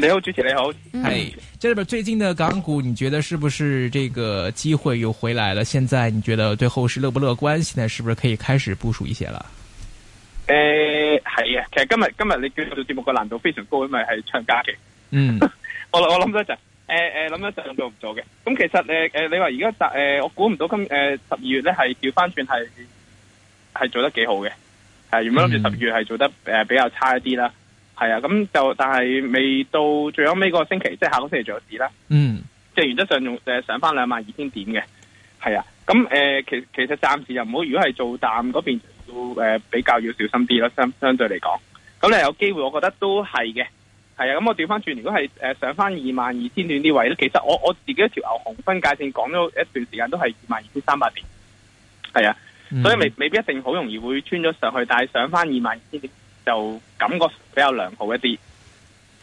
你好，主持你好。誒、嗯，這裏邊最近的港股，你覺得是不是這個機會又回來了？現在你覺得對後市樂不樂觀？現在是不是可以開始部署一些了？誒、呃，係啊，其實今日今日你叫做節目嘅難度非常高，因為係長假期。嗯， 我我諗咗一陣。誒、呃、誒，諗咗一陣做唔做嘅？咁其實誒誒、呃，你話而家誒，我估唔到今誒十二月咧係調翻轉，係係做得幾好嘅。係、呃、原本諗住十二月係做得誒、呃、比較差一啲啦。嗯係啊，咁就但係未到最後尾個星期，即係下個星期做市啦。嗯，即係原則上仲誒、呃、上翻兩萬二千點嘅，係啊。咁誒、呃，其其實暫時又唔好，如果係做淡嗰邊要誒、呃、比較要小心啲咯，相相對嚟講。咁你有機會，我覺得都係嘅。係啊，咁我調翻轉，如果係誒、呃、上翻二萬二千點呢位咧，其實我我自己一條牛熊分界線講咗一段時間都係二萬二千三百點。係啊、嗯，所以未未必一定好容易會穿咗上去，但係上翻二萬二千點。就感覺比較良好一啲，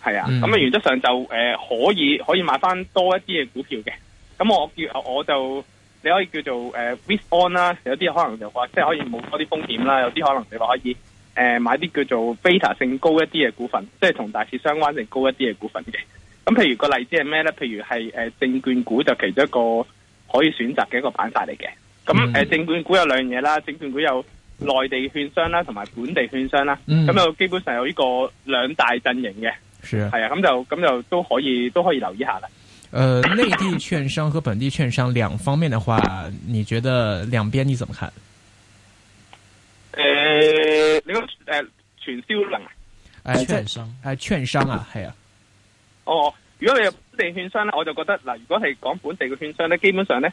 係啊，咁啊，原則上就誒、呃、可以可以買翻多一啲嘅股票嘅。咁我叫我就你可以叫做誒 risk on 啦，有啲可能就話即係可以冇多啲風險啦，有啲可能你話可以誒、呃、買啲叫做 beta 性高一啲嘅股份，即係同大市相關性高一啲嘅股份嘅。咁譬如個例子係咩咧？譬如係誒、呃、證券股就其中一個可以選擇嘅一個板塊嚟嘅。咁誒、嗯呃、證券股有兩樣嘢啦，證券股有。內地券商啦，同埋本地券商啦，咁、嗯、就基本上有呢個兩大陣營嘅，係啊，咁、啊、就咁就都可以都可以留意一下啦。誒、呃，內地券商和本地券商兩方面的話，你覺得兩邊你怎麼看？誒、呃，你講誒，傳、呃、銷能？誒、呃，券商誒、呃，券商啊，係啊。哦，如果你有本地券商咧，我就覺得嗱、呃，如果係講本地嘅券商咧，基本上咧。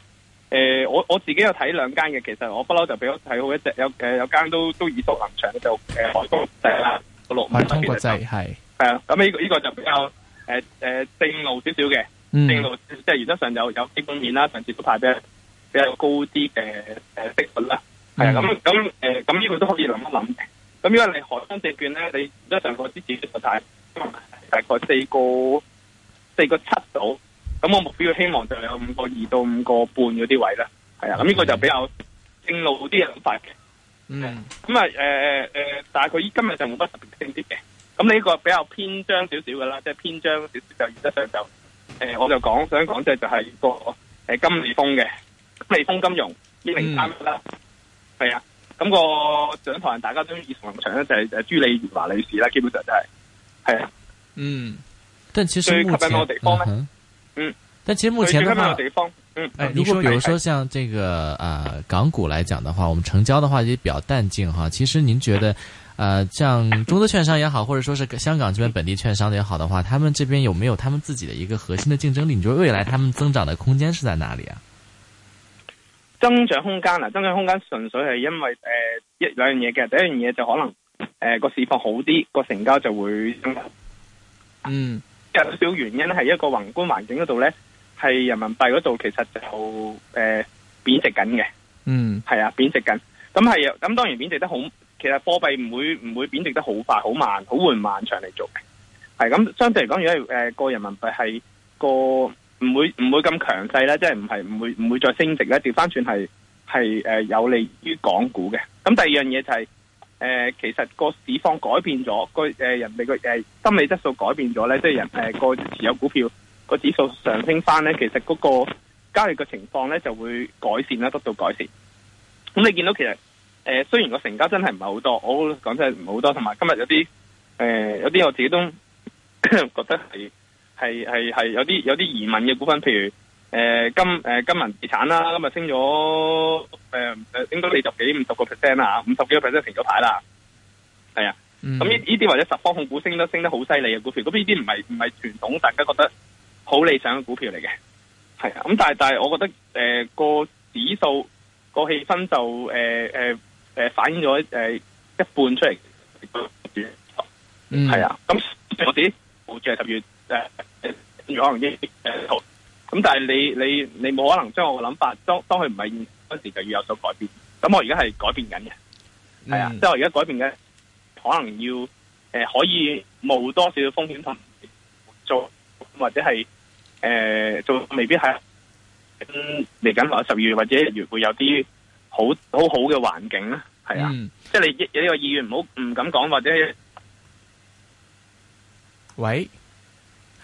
誒、欸，我我自己有睇兩間嘅，其實我不嬲就比較睇好一隻有誒有間都都耳熟能詳，就誒海通證啦陸陸，海通國際係係啦，咁呢、嗯這個呢、這個就比較誒誒正路少少嘅，正路，正路即係原則上有有基本面啦，上次都派比較比較高啲嘅誒息率啦，係啊咁咁誒咁呢個都可以諗一諗嘅，咁因為你海通證券咧，你原則上個支指數個大大概四個四個七度。咁我目標希望就有五個二到五個半嗰啲位啦，係啊，咁呢個就比較正路啲嘅諗法嘅。嗯，咁啊，誒誒誒，但係佢依今日就冇乜特別升啲嘅。咁呢個比較偏張少少噶啦，即、就、係、是、偏張少少就而家咧就誒、呃，我就講想講就係個誒金利豐嘅金利豐金融一零三一啦。係、嗯、啊、咁、那個掌舵人大家都耳熟能詳咧，就係、是、誒、就是、朱利如華女士啦，基本上就係係啊。嗯，但其實最吸引我嘅地方咧。嗯嗯，但其實目前的話，他們嗯，哎，如果比如說像這個呃港股來講的話，我們成交的話也比較淡靜哈。其實您覺得，呃，像中資券商也好，或者說是香港這邊本地券商也好的話，他們這邊有沒有他們自己的一個核心的競爭力？你覺得未來他們增長的空間是在哪裏啊？增長空間啊，增長空間純粹係因為，呃一兩樣嘢嘅。第一樣嘢就可能，呃個市況好啲，個成交就會，嗯。有少少原因係一個宏觀環境嗰度咧，係人民幣嗰度其實就誒貶值緊嘅。嗯，係啊，貶值緊。咁係，咁當然貶值得好。其實貨幣唔會唔會貶值得好快，好慢，好漫長嚟做嘅。係咁相對嚟講，如果誒個人民幣係個唔會唔會咁強勢咧，即係唔係唔會唔會再升值咧，掉翻轉係係誒有利於港股嘅。咁第二樣嘢就係。誒、呃，其實個市況改變咗，個誒人哋個誒心理質素改變咗咧，即、就、係、是、人誒個持有股票個指數上升翻咧，其實嗰個交易嘅情況咧就會改善啦，得到改善。咁你見到其實誒、呃，雖然個成交真係唔係好多，我講真係唔係好多，同埋今日有啲誒、呃，有啲我自己都覺得係係係係有啲有啲疑問嘅股份，譬如。誒、呃，金誒、呃，金銀地產啦，今日升咗誒誒，應該二十幾、五十個 percent 啦，五十幾個 percent 停咗牌啦。係啊，咁呢呢啲或者十方控股升都升得好犀利嘅股票，咁呢啲唔係唔係傳統大家覺得好理想嘅股票嚟嘅。係啊，咁但係但係，我覺得誒、呃、個指數個氣氛就誒誒誒反映咗誒、呃、一半出嚟。嗯，係啊。咁我哋好似係十月誒，跟、呃、住可能呢誒。呃咁、嗯、但係你你你冇可能將我嘅諗法，當當佢唔係現陣時就要有所改變。咁我而家係改變緊嘅，係啊，嗯、即係我而家改變緊可能要誒、呃，可以冒多少風險同做，或者係誒、呃、做未、嗯，未必係。啊，嚟緊或者十二月或者一月會有啲好好好嘅環境咧，係啊，嗯、即係你有呢個意願，唔好唔敢講或者。喂。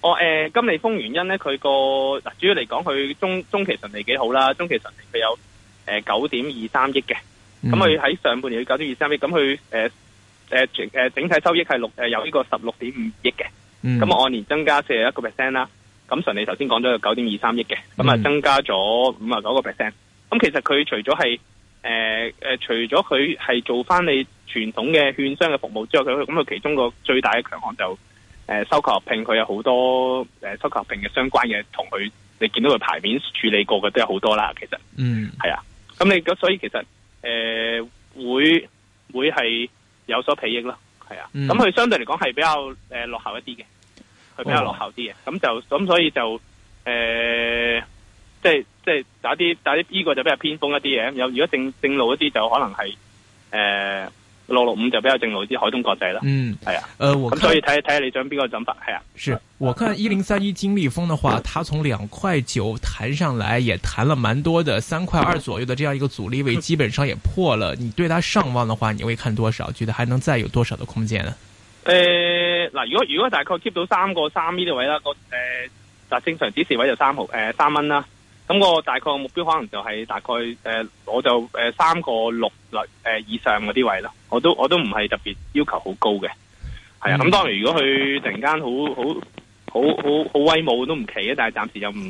哦，誒、呃，金利豐原因咧，佢個嗱主要嚟講，佢中中期純利幾好啦，中期純利佢有誒九點二三億嘅，咁佢喺上半年有九點二三億，咁佢誒誒誒整體收益係六誒有呢個十六點五億嘅，咁、嗯、按年增加四十一個 percent 啦，咁純利頭先講咗有九點二三億嘅，咁啊增加咗五啊九個 percent，咁其實佢除咗係誒誒，除咗佢係做翻你傳統嘅券商嘅服務之外，佢咁佢其中個最大嘅強項就。誒、呃，收購合併佢有好多誒，收購合併嘅相關嘅，同佢你見到佢牌面處理過嘅都有好多啦，其實，嗯，係啊，咁你咁所以其實誒、呃、會會係有所裨益咯，係啊，咁、嗯、佢相對嚟講係比較誒、呃、落後一啲嘅，佢比較落後啲嘅，咁、哦、就咁所以就誒即係即係打啲打啲呢個就比較偏鋒一啲嘅，有如果正正路一啲就可能係誒。呃六六五就比較正路啲海通國際啦。嗯，係啊。誒、呃，我咁所以睇睇下你想邊個想法？係啊。是我看一零三一金利豐的話，它從兩塊九彈上來，也彈了蠻多的，三塊二左右的這樣一個阻力位，基本上也破了。你對它上望的話，你會看多少？覺得還能再有多少的空間呢、啊？誒，嗱，如果如果大概 keep 到三個三呢位啦，個誒就正常指示位就三毫誒三蚊啦。呃3咁我大概目標可能就係大概誒、呃，我就誒三個六厘誒以上嗰啲位啦，我都我都唔係特別要求好高嘅，係啊。咁、嗯、當然，如果佢突然間好好好好好威武都唔奇嘅，但係暫時又唔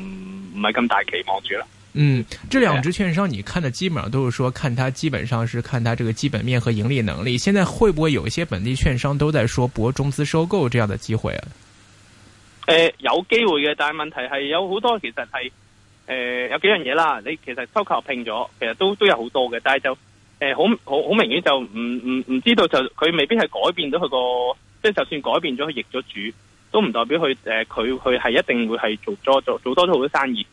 唔係咁大期望住啦。嗯，這兩隻券商，你看的基本上都是說，看它基本上是看它這個基本面和盈利能力。現在會不會有一些本地券商都在說博中資收購這樣的機會啊？誒、呃，有機會嘅，但係問題係有好多其實係。誒、呃，有幾樣嘢啦，你其實收購拼咗，其實都都有好多嘅，但係就誒，好好好明顯就唔唔唔知道就佢未必係改變到佢個，即係就算改變咗佢易咗主，都唔代表佢誒，佢佢係一定會係做，做，做多做做多咗好多生意，係、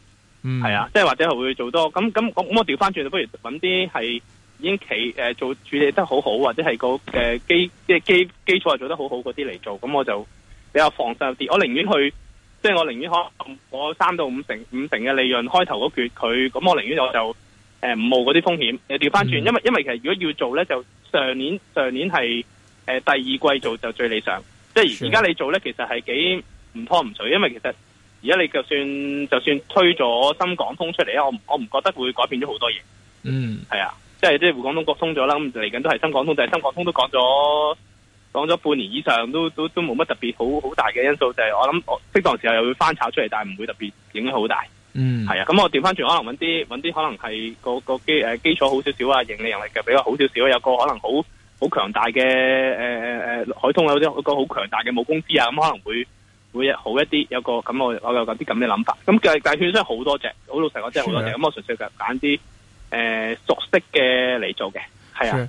嗯、啊，即係或者係會做多，咁咁咁我調翻轉，不如揾啲係已經企誒、呃、做處理得好好，或者係、那個誒、呃、基即係基基礎做，做得好好嗰啲嚟做，咁我就比較放心啲，我寧願去。即係我寧願可我三到五成五成嘅利潤開頭嗰橛佢咁，我寧願我就誒唔冒嗰啲風險。調翻轉，因為因為其實如果要做咧，就上年上年係誒、呃、第二季做就最理想。即係而而家你做咧，其實係幾唔拖唔水。因為其實而家你就算就算推咗深港通出嚟咧，我我我唔覺得會改變咗好多嘢。嗯，係啊，即係即係滬港通國通咗啦，咁嚟緊都係深港通，就係、是、深港通都講咗。講咗半年以上，都都都冇乜特別好好大嘅因素，就係、是、我諗適當時候又會翻炒出嚟，但係唔會特別影響好大。嗯，係啊，咁我調翻轉，可能搵啲搵啲，可能係個個基誒、呃、基礎好少少啊，盈利能力比較好少少。有個可能好好強大嘅誒誒誒，海通有啲個好強大嘅母公司啊，咁可能會會好一啲。有個咁我我有啲咁嘅諗法。咁大大券商好多隻，好老實講真係好多隻。咁、嗯、我純粹就揀啲誒熟悉嘅嚟做嘅，係啊。是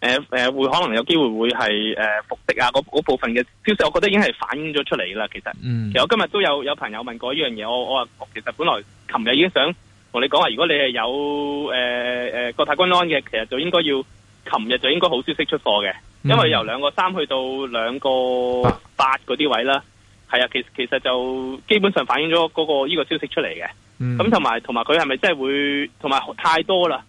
誒、呃、誒、呃，會可能有機會會係誒復息啊，嗰部分嘅消息，我覺得已經係反映咗出嚟啦。其實、嗯，其實我今日都有有朋友問過呢樣嘢，我我話其實本來琴日已經想同你講話，如果你係有誒誒、呃呃、國泰君安嘅，其實就應該要琴日就應該好消息出貨嘅、嗯，因為由兩個三去到兩個八嗰啲位啦。係啊，其其實就基本上反映咗嗰、個呢個消息出嚟嘅。咁同埋同埋佢係咪真係會？同埋太多啦。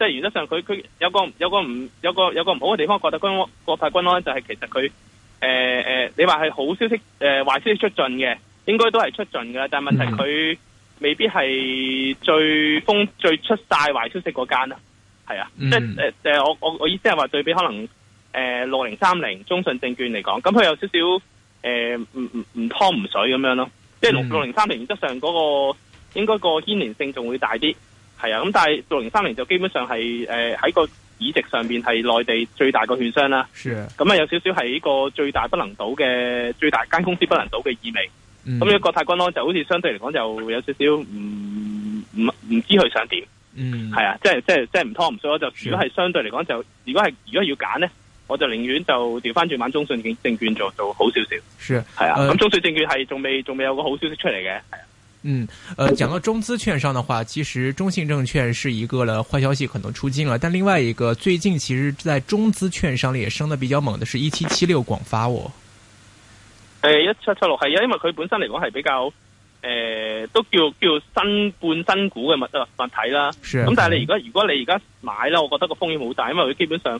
即係原則上，佢佢有個有個唔有個有個唔好嘅地方，國泰君國泰君安就係其實佢誒誒，你話係好消息誒、呃、壞消息出盡嘅，應該都係出盡噶啦。但係問題佢未必係最封最出晒壞消息嗰間係啊，嗯、即係、呃、我我我意思係話對比可能誒六零三零中信證券嚟講，咁佢有少少誒唔唔唔湯唔水咁樣咯，即係六六零三零原則上嗰、那個應該個牽連性仲會大啲。係啊，咁但係做零三年就基本上係誒喺個市值上邊係內地最大個券商啦。是啊。咁啊有少少喺個最大不能倒嘅最大間公司不能倒嘅意味。咁、嗯、咧國泰君安就好似相對嚟講就有少少唔唔唔知佢想點。嗯。係、嗯、啊，即係即係即係唔湯唔水。就、啊、如果係相對嚟講就，如果係如果要揀呢，我就寧願就調翻轉玩中信證券做做好少少。是啊。係啊。咁、嗯、中信證券係仲未仲未有個好消息出嚟嘅。嗯，誒、呃，講到中資券商嘅話，其實中信證券是一個咧，壞消息可能出盡啦，但另外一個最近其實，在中資券商裏也升得比較猛的，是一七七六廣發，哦。誒、呃，一七七六係因為佢本身嚟講係比較誒、呃，都叫叫新半新股嘅物物體啦。咁但係你如果如果你而家買啦，我覺得個風險好大，因為佢基本上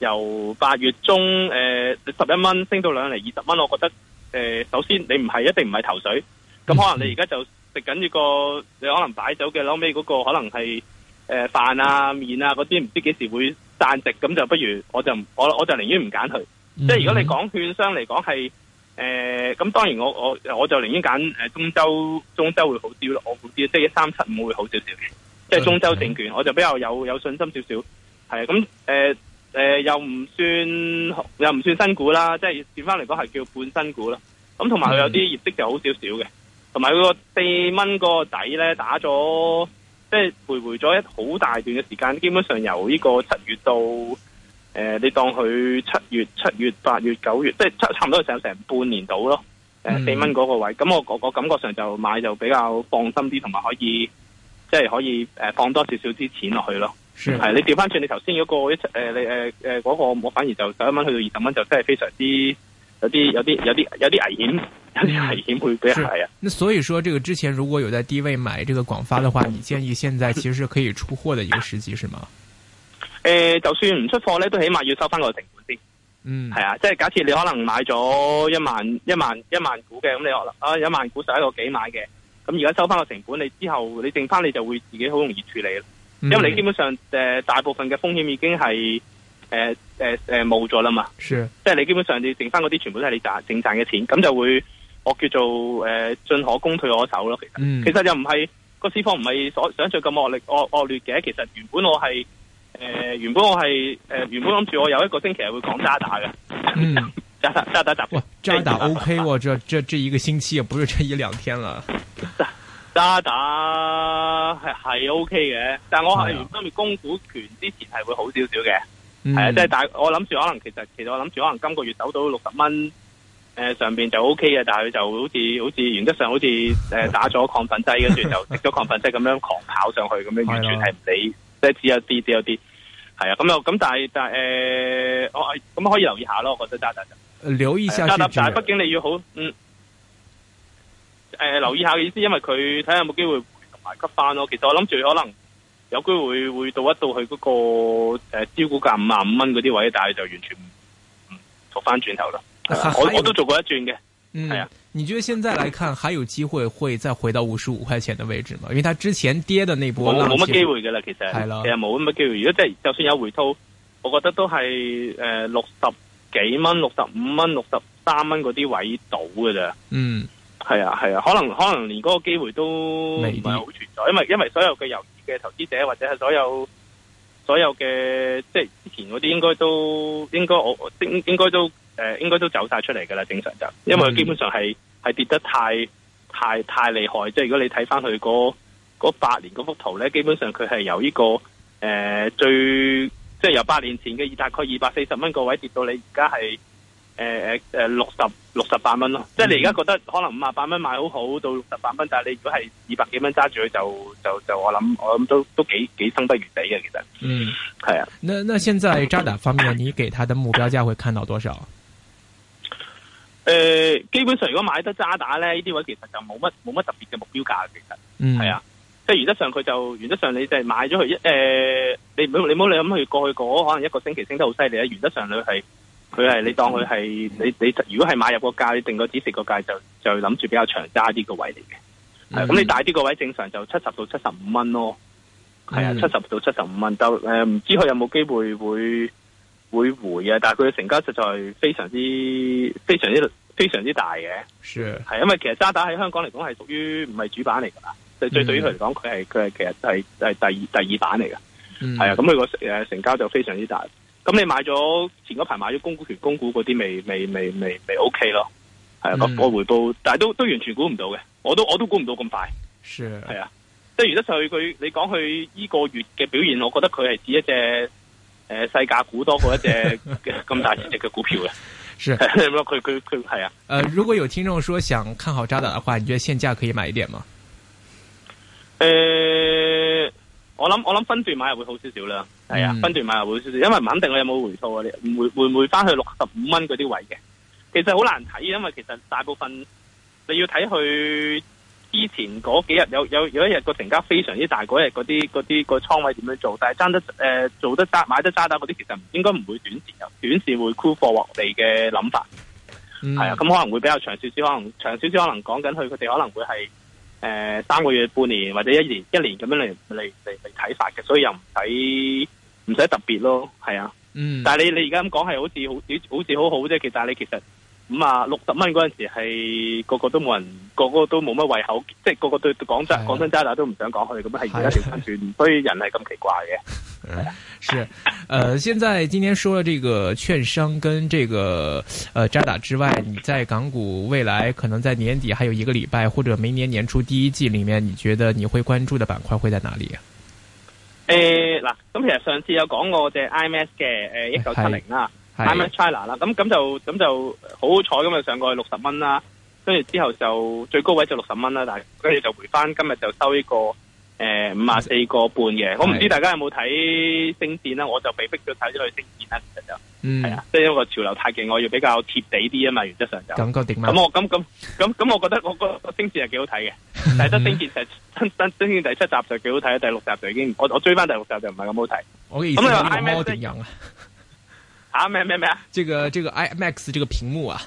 由八月中誒十一蚊升到兩厘二十蚊，我覺得誒、呃，首先你唔係一定唔係頭水，咁可能你而家就。嗯食緊呢個你可能擺酒嘅，後尾嗰個可能係誒飯啊麵啊嗰啲，唔知幾時會散席，咁就不如我就我我就寧願唔揀佢。即係如果你講券商嚟講係誒，咁、呃、當然我我我就寧願揀誒中州。中州會好啲咯，我估知，即係一三七五會好少少嘅，即、嗯、係、就是、中州證券，我就比較有有信心少少。係啊，咁誒誒又唔算又唔算新股啦，即係轉翻嚟講係叫半新股啦。咁同埋佢有啲業績就好少少嘅。嗯同埋佢個四蚊個底咧打咗，即係徘徊咗一好大段嘅時間，基本上由呢個七月到誒、呃，你當佢七月、七月、八月、九月，即係差差唔多成成半年到咯。誒四蚊嗰個位，咁我個感覺上就買就比較放心啲，同埋可以即係可以放多少少啲錢落去咯。係、sure. 你調翻轉你頭先嗰個一嗰個，我、呃呃嗰個、反而就十一蚊去到二十蚊，就真係非常之。有啲有啲有啲有啲危險，有啲危險會比較係啊。那所以說，這個之前如果有在低位買這個廣發的話，你建議現在其實是可以出貨的一個時機是嗎？誒、呃，就算唔出貨呢都起碼要收翻個成本先。嗯，係啊，即係假設你可能買咗一萬、一萬、一萬股嘅，咁你可能啊啊一萬股係一個幾買嘅，咁而家收翻個成本，你之後你剩翻你就會自己好容易處理、嗯、因為你基本上、呃、大部分嘅風險已經係誒。呃誒、呃、誒，冇咗啦嘛，即係你基本上你剩翻嗰啲，全部都係你賺淨賺嘅錢，咁就會我叫做誒、呃、進可攻退可守」咯。其實、嗯、其實又唔係個市況唔係所想象咁惡劣惡惡劣嘅。其實原本我係誒、呃、原本我係誒、呃、原本諗住我有一個星期係會講渣打嘅。嗯、 渣打渣打、呃，渣打 OK，我、哦、 這這這一個星期也不是只一兩天啦。渣打係係 OK 嘅，但係我係諗住供股權之前係會好少少嘅。哦係、嗯、啊，即係大， 是但我諗住可能其實其實我諗住可能今個月走到六十蚊誒上邊就 OK 嘅，但係佢就好似好似原則上好似誒打咗抗粉劑，跟 住就食咗抗粉劑咁樣狂跑上去，咁樣完全係唔理，即係只有啲，只有啲，係啊，咁又咁，但係但係誒，我、呃、咁、啊、可以留意一下咯，我覺得扎立就留意一下先，扎立，但係畢竟你要好，嗯，誒、呃、留意一下嘅意思，因為佢睇下有冇機會同埋吸翻咯。其實我諗住可能。有機會會到一到去嗰、那個誒、呃、招股價五萬五蚊嗰啲位置，但係就完全唔做返轉頭啦。我我都做過一轉嘅。嗯，係啊。你覺得現在嚟看，還有機會會再回到五十五塊錢嘅位置嘛？因為佢之前跌嘅那波冇冇乜機會㗎啦，其實係囉，其實冇乜機會。如果即係就算有回吐，我覺得都係誒六十幾蚊、六十五蚊、六十三蚊嗰啲位到㗎啫。嗯，係啊，係啊，可能可能連嗰個機會都唔係好存在，因為因為所有嘅遊嘅投資者或者係所有所有嘅即係之前嗰啲應該都應該我應該都誒、呃、應該都走晒出嚟噶啦，正常就因為佢基本上係係跌得太太太厲害，即係如果你睇翻佢嗰嗰八年嗰幅圖咧，基本上佢係由呢個誒、呃、最即係由八年前嘅大概二百四十蚊個位跌到你而家係。誒誒誒，六十六十八蚊咯、嗯，即係你而家覺得可能五啊八蚊買好好到六十八蚊，但係你如果係二百幾蚊揸住佢就就就我諗我諗都都幾幾生不如死嘅其實嗯，係啊，那那現在渣打方面，你給他的目標價會看到多少？誒、呃，基本上如果買得渣打咧，呢啲位其實就冇乜冇乜特別嘅目標價，其實嗯，係啊，即係原則上佢就原則上你就係買咗佢一誒，你唔你唔好你諗佢過去嗰可能一個星期升得好犀利啊。原則上你係。佢係你當佢係、嗯嗯、你你如果係買入個價，你定個止蝕個價就就諗住比較長揸啲個位嚟嘅。咁、嗯、你大啲個位，正常就七十到七十五蚊咯。係啊，七、嗯、十到七十五蚊。就誒，唔、呃、知佢有冇機會會會回啊？但係佢嘅成交實在非常之非常之非常之大嘅。係！係因為其實渣打喺香港嚟講係屬於唔係主板嚟噶啦。最最對於佢嚟講，佢係佢係其實係係第二第二板嚟噶。係、嗯、啊，咁佢個誒成交就非常之大。咁你買咗前嗰排買咗公股權、公股嗰啲，未未未未未 O K 咯？係啊，我回報，但係都都完全估唔到嘅，我都我都估唔到咁快。是係啊，啊，即係如果上去佢，你講佢呢個月嘅表現，我覺得佢係指一隻誒、呃、細價股多過一隻咁大隻嘅股票嘅 、啊。是係咁咯，佢佢佢係啊。誒、呃，如果有聽眾說想看好渣打嘅話，你覺得現價可以買一點嗎？誒、呃。我諗我諗分段買又會好少少啦，係啊，分段買又會好少少，因為唔肯定你有冇回縮嗰啲，會不會唔會翻去六十五蚊嗰啲位嘅？其實好難睇，因為其實大部分你要睇佢之前嗰幾日有有有一日個成交非常之大，嗰日嗰啲嗰啲個倉位點樣做，但係爭得誒、呃、做得揸買得揸得嗰啲，其實應該唔會短時，短時會沽貨落嚟嘅諗法。係啊，咁、嗯嗯、可能會比較長少少，可能長少少，可能講緊佢，佢哋可能會係。誒、呃，三個月、半年或者一年、一年咁樣嚟嚟嚟嚟睇法嘅，所以又唔使唔使特別咯，係啊，嗯。但係你你而家咁講係好似好似好似好好啫，其實但你其實。咁、嗯、啊，六十蚊嗰陣時係個個都冇人，個個都冇乜胃口，即係個個對講真講真渣打都唔想講佢，哋咁係而家調翻轉，所 以人係咁奇怪嘅。嗯、啊，是，誒、呃，現在今天說了這個券商跟這個，誒、呃、渣打之外，你在港股未來可能在年底還有一個禮拜，或者明年年初第一季裡面，你覺得你會關注的板塊會在哪裡？誒、欸，嗱、呃，咁其實上次有講過隻 IMS 嘅、哎，誒一九七零啦。IMAX China 啦，咁咁就咁就好彩咁啊，上過去六十蚊啦，跟住之後就最高位就六十蚊啦，但係跟住就回翻，今日就收呢個誒五啊四個半嘅。我唔知大家有冇睇星戰啦，我就被逼咗睇咗佢星戰啦，其實就係啊，即係因為個潮流太勁，我要比較貼地啲啊嘛，原則上就點咁我咁咁咁咁，我覺得我個星戰係幾好睇嘅，但係得星戰就 第七集就幾好睇，第六集就已經我我追翻第六集就唔係咁好睇。意思吓咩咩咩啊！呢個呢個 IMAX 呢個屏幕啊，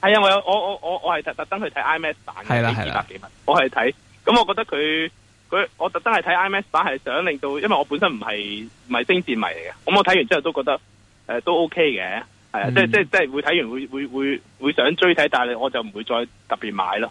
係啊，我有我我我我係特特登去睇 IMAX 版嘅，係啦幾百幾蚊。我係睇，咁我覺得佢佢我特登係睇 IMAX 版，係想令到，因為我本身唔係唔係星戰迷嚟嘅。咁我睇完之後都覺得誒、呃、都 OK 嘅，係啊、嗯，即係即係即係會睇完會會會會想追睇，但係我就唔會再特別買咯。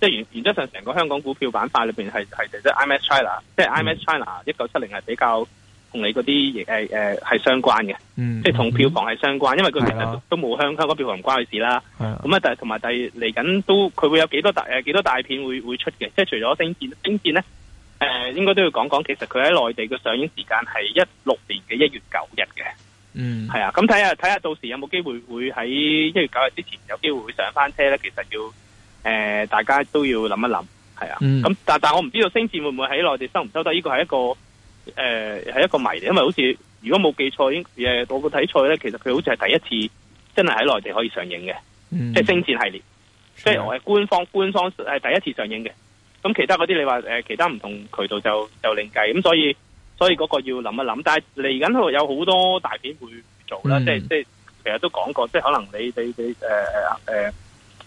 即係原原則上，成個香港股票板塊裏邊係係即係 IMAX China，即係 IMAX China 一九七零係比較同你嗰啲誒誒係相關嘅、嗯嗯，即係同票房係相關，因為佢其實都冇香港，香港票房唔關佢事啦。咁、嗯、啊、嗯，但係同埋第嚟緊都佢會有幾多大誒幾、呃、多大片會會出嘅，即係除咗《星戰》呃《星戰》咧，誒應該都要講講，其實佢喺內地嘅上映時間係一六年嘅一月九日嘅。嗯，係啊，咁睇下睇下到時有冇機會會喺一月九日之前有機會會上返車咧，其實要。誒、呃，大家都要諗一諗，係啊，咁、嗯、但但，但我唔知道星戰會唔會喺內地收唔收得？呢個係一個誒，係、呃、一個謎嚟，因為好似如果冇記錯，應誒我冇睇錯咧，其實佢好似係第一次真係喺內地可以上映嘅、嗯，即係星戰系列，是即係我係官方官方誒第一次上映嘅。咁其他嗰啲，你話誒其他唔同渠道就就另計。咁所以所以嗰個要諗一諗。但係嚟緊度有好多大片會做啦、嗯，即係即係其實都講過，即係可能你你你誒誒誒。呃呃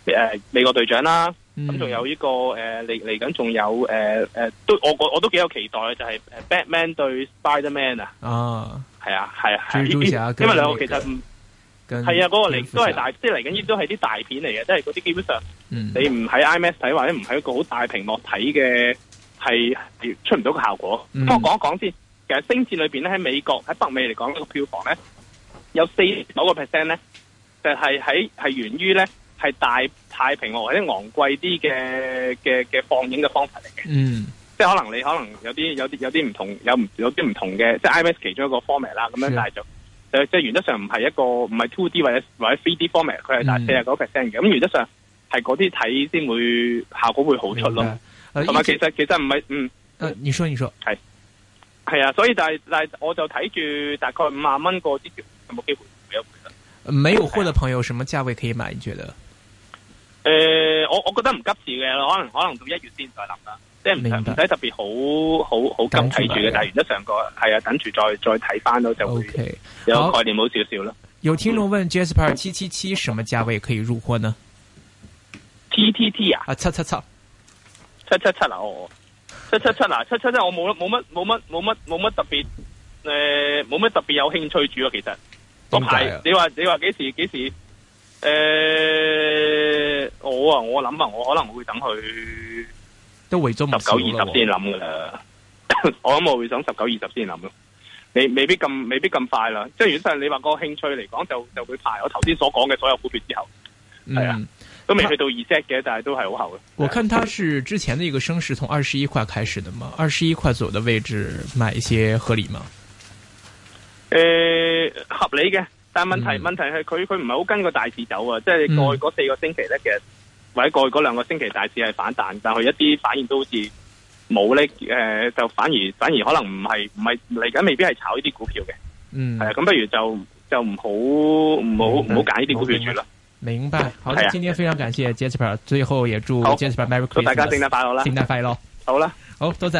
誒、呃，美國隊長啦，咁、嗯、仲有呢個誒，嚟嚟緊仲有誒誒、呃，都我我都幾有期待嘅，就係、是、誒 Batman 對 Spider-Man 啊，啊，係啊係啊，是啊因為兩個其實唔，係啊嗰、那個嚟都係大，嗯、即係嚟緊亦都係啲大片嚟嘅，即係嗰啲基本上你，你唔喺 IMAX 睇或者唔喺一個好大屏幕睇嘅係係出唔到個效果。不過講一講先，其實星戰裏邊咧喺美國喺北美嚟講個票房咧有四十九個 percent 咧，就係喺係源於咧。係大太平和，或者昂貴啲嘅嘅嘅放映嘅方法嚟嘅，嗯，即係可能你可能有啲有啲有啲唔同，有唔有啲唔同嘅，即係 IMAX 其中一個 format 啦，咁樣但係就，即係原則上唔係一個唔係 two D 或者或者 three D format，佢係大四十九 percent 嘅，咁、嗯嗯、原則上係嗰啲睇先會效果會好出咯，同埋、啊呃、其實其實唔係，嗯，誒、呃，你說你說係係啊，所以但係但係我就睇住大概五萬蚊嗰啲，有冇機會冇有、啊？沒有貨嘅朋友，啊、什麼價位可以買？你覺得？誒、呃，我我覺得唔急事嘅，可能可能到一月先再諗啦，即係唔唔使特別好好好急睇住嘅，但係原則上個係啊，等住再再睇翻咯就 OK，有概念好少少咯。有聽眾問 Jasper 七七七，什麼價位可以入貨呢？T T T 啊？啊七七七，七七七嗱，啊，我七七七嗱，啊，七七七我冇冇乜冇乜冇乜冇乜特別誒，冇、呃、乜特別有興趣住啊，其實咁係，啊，你話你話幾時幾時？誒，我啊，我諗啊，我可能會等佢都為咗十九二十先諗噶啦， 我諗我會想十九二十先諗咯。你未，未必咁未必咁快啦，即係如果真係你話個興趣嚟講，就就會排我頭先所講嘅所有股票之後係啊、嗯，都未去到二 set 嘅，但係都係好厚嘅。我看它是之前一個升勢從二十一塊開始嘅嘛，二十一塊左右嘅位置買一些合理嗎？誒，合理嘅。但係問題、嗯、問題係佢佢唔係好跟個大市走啊，即、就、係、是、過去嗰四個星期咧，其實或者過去嗰兩個星期大市係反彈，但係佢一啲反應都好似冇咧，誒、呃，就反而反而可能唔係唔係嚟緊未必係炒呢啲股票嘅，係、嗯、啊，咁不如就就唔好唔好唔好揀呢啲股票啦明白,明白好，好，今天非常感謝 Jasper，最後也祝 Jasper Merry Christmas 大家聖誕快樂啦，聖誕快樂，好啦，好，多謝。